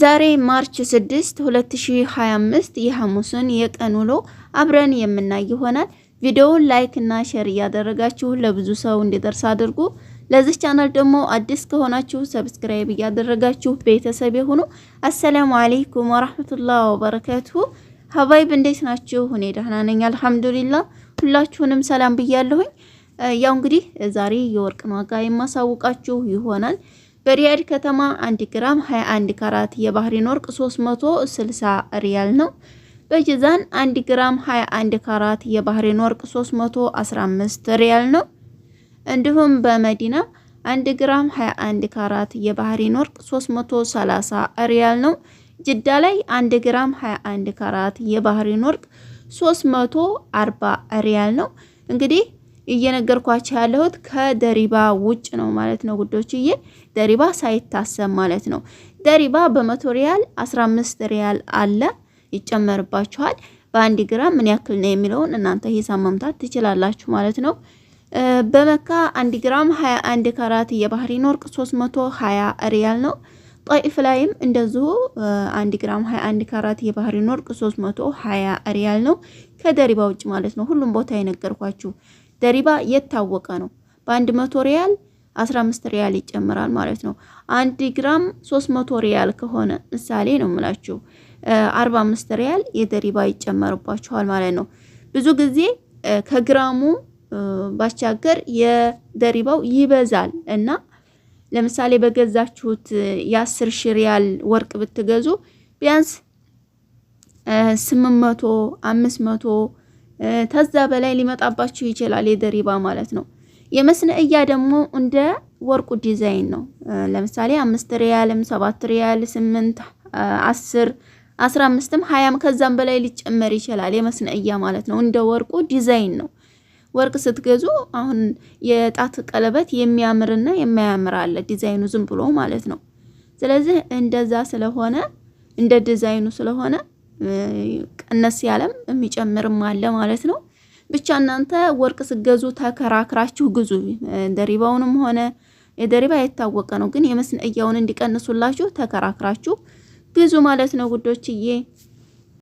ዛሬ ማርች 6 2025 የሐሙስን የቀን ውሎ አብረን የምናይ ይሆናል። ቪዲዮውን ላይክ እና ሼር እያደረጋችሁ ለብዙ ሰው እንዲደርስ አድርጉ። ለዚህ ቻናል ደግሞ አዲስ ከሆናችሁ ሰብስክራይብ እያደረጋችሁ ቤተሰብ የሆኑ አሰላሙ አለይኩም ወራህመቱላሂ ወበረከቱ። ሀባይብ እንዴት ናችሁ? እኔ ደህና ነኝ አልሐምዱሊላ። ሁላችሁንም ሰላም ብያለሁኝ። ያው እንግዲህ ዛሬ የወርቅን ዋጋ የማሳውቃችሁ ይሆናል። በሪያድ ከተማ 1 ግራም 21 ካራት የባህሪን ወርቅ 360 ሪያል ነው። በጂዛን 1 ግራም 21 ካራት የባህሪን ወርቅ 315 ሪያል ነው። እንዲሁም በመዲና 1 ግራም 21 ካራት የባህሪን ወርቅ 330 ሪያል ነው። ጅዳ ላይ 1 ግራም 21 ካራት የባህሪን ወርቅ 340 ሪያል ነው። እንግዲህ እየነገርኳቸው ያለሁት ከደሪባ ውጭ ነው ማለት ነው ጉዶችዬ። ደሪባ ሳይታሰብ ማለት ነው። ደሪባ በመቶ ሪያል 15 ሪያል አለ ይጨመርባችኋል። በአንድ ግራም ምን ያክል ነው የሚለውን እናንተ ሂሳብ መምታት ትችላላችሁ ማለት ነው። በመካ 1 ግራም 21 ካራት የባህሪን ወርቅ 320 ሪያል ነው። ጣይፍ ላይም እንደዚሁ 1 ግራም 21 ካራት የባህሪን ወርቅ 320 ሪያል ነው። ከደሪባ ውጭ ማለት ነው። ሁሉም ቦታ የነገርኳችሁ ደሪባ የታወቀ ነው። በአንድ መቶ ሪያል 15 ሪያል ይጨምራል ማለት ነው። አንድ ግራም 300 ሪያል ከሆነ ምሳሌ ነው የምላችሁ 45 ሪያል የደሪባ ይጨመርባችኋል ማለት ነው። ብዙ ጊዜ ከግራሙ ባሻገር የደሪባው ይበዛል እና ለምሳሌ በገዛችሁት የአስር ሺ ሪያል ወርቅ ብትገዙ ቢያንስ ስምንት መቶ አምስት መቶ ከዛ በላይ ሊመጣባችሁ ይችላል። የደሪባ ማለት ነው። የመስነእያ ደግሞ እንደ ወርቁ ዲዛይን ነው። ለምሳሌ አምስት ሪያልም ሰባት ሪያል ስምንት አስር አስራ አምስትም ሀያም ከዛም በላይ ሊጨመር ይችላል። የመስነእያ ማለት ነው። እንደ ወርቁ ዲዛይን ነው። ወርቅ ስትገዙ አሁን የጣት ቀለበት የሚያምርና የማያምር አለ። ዲዛይኑ ዝም ብሎ ማለት ነው። ስለዚህ እንደዛ ስለሆነ እንደ ዲዛይኑ ስለሆነ ቀነስ ያለም የሚጨምርም አለ ማለት ነው። ብቻ እናንተ ወርቅ ስገዙ ተከራክራችሁ ግዙ። ደሪባውንም ሆነ የደሪባ የታወቀ ነው፣ ግን የመስነእያውን እንዲቀንሱላችሁ ተከራክራችሁ ግዙ ማለት ነው ጉዶችዬ።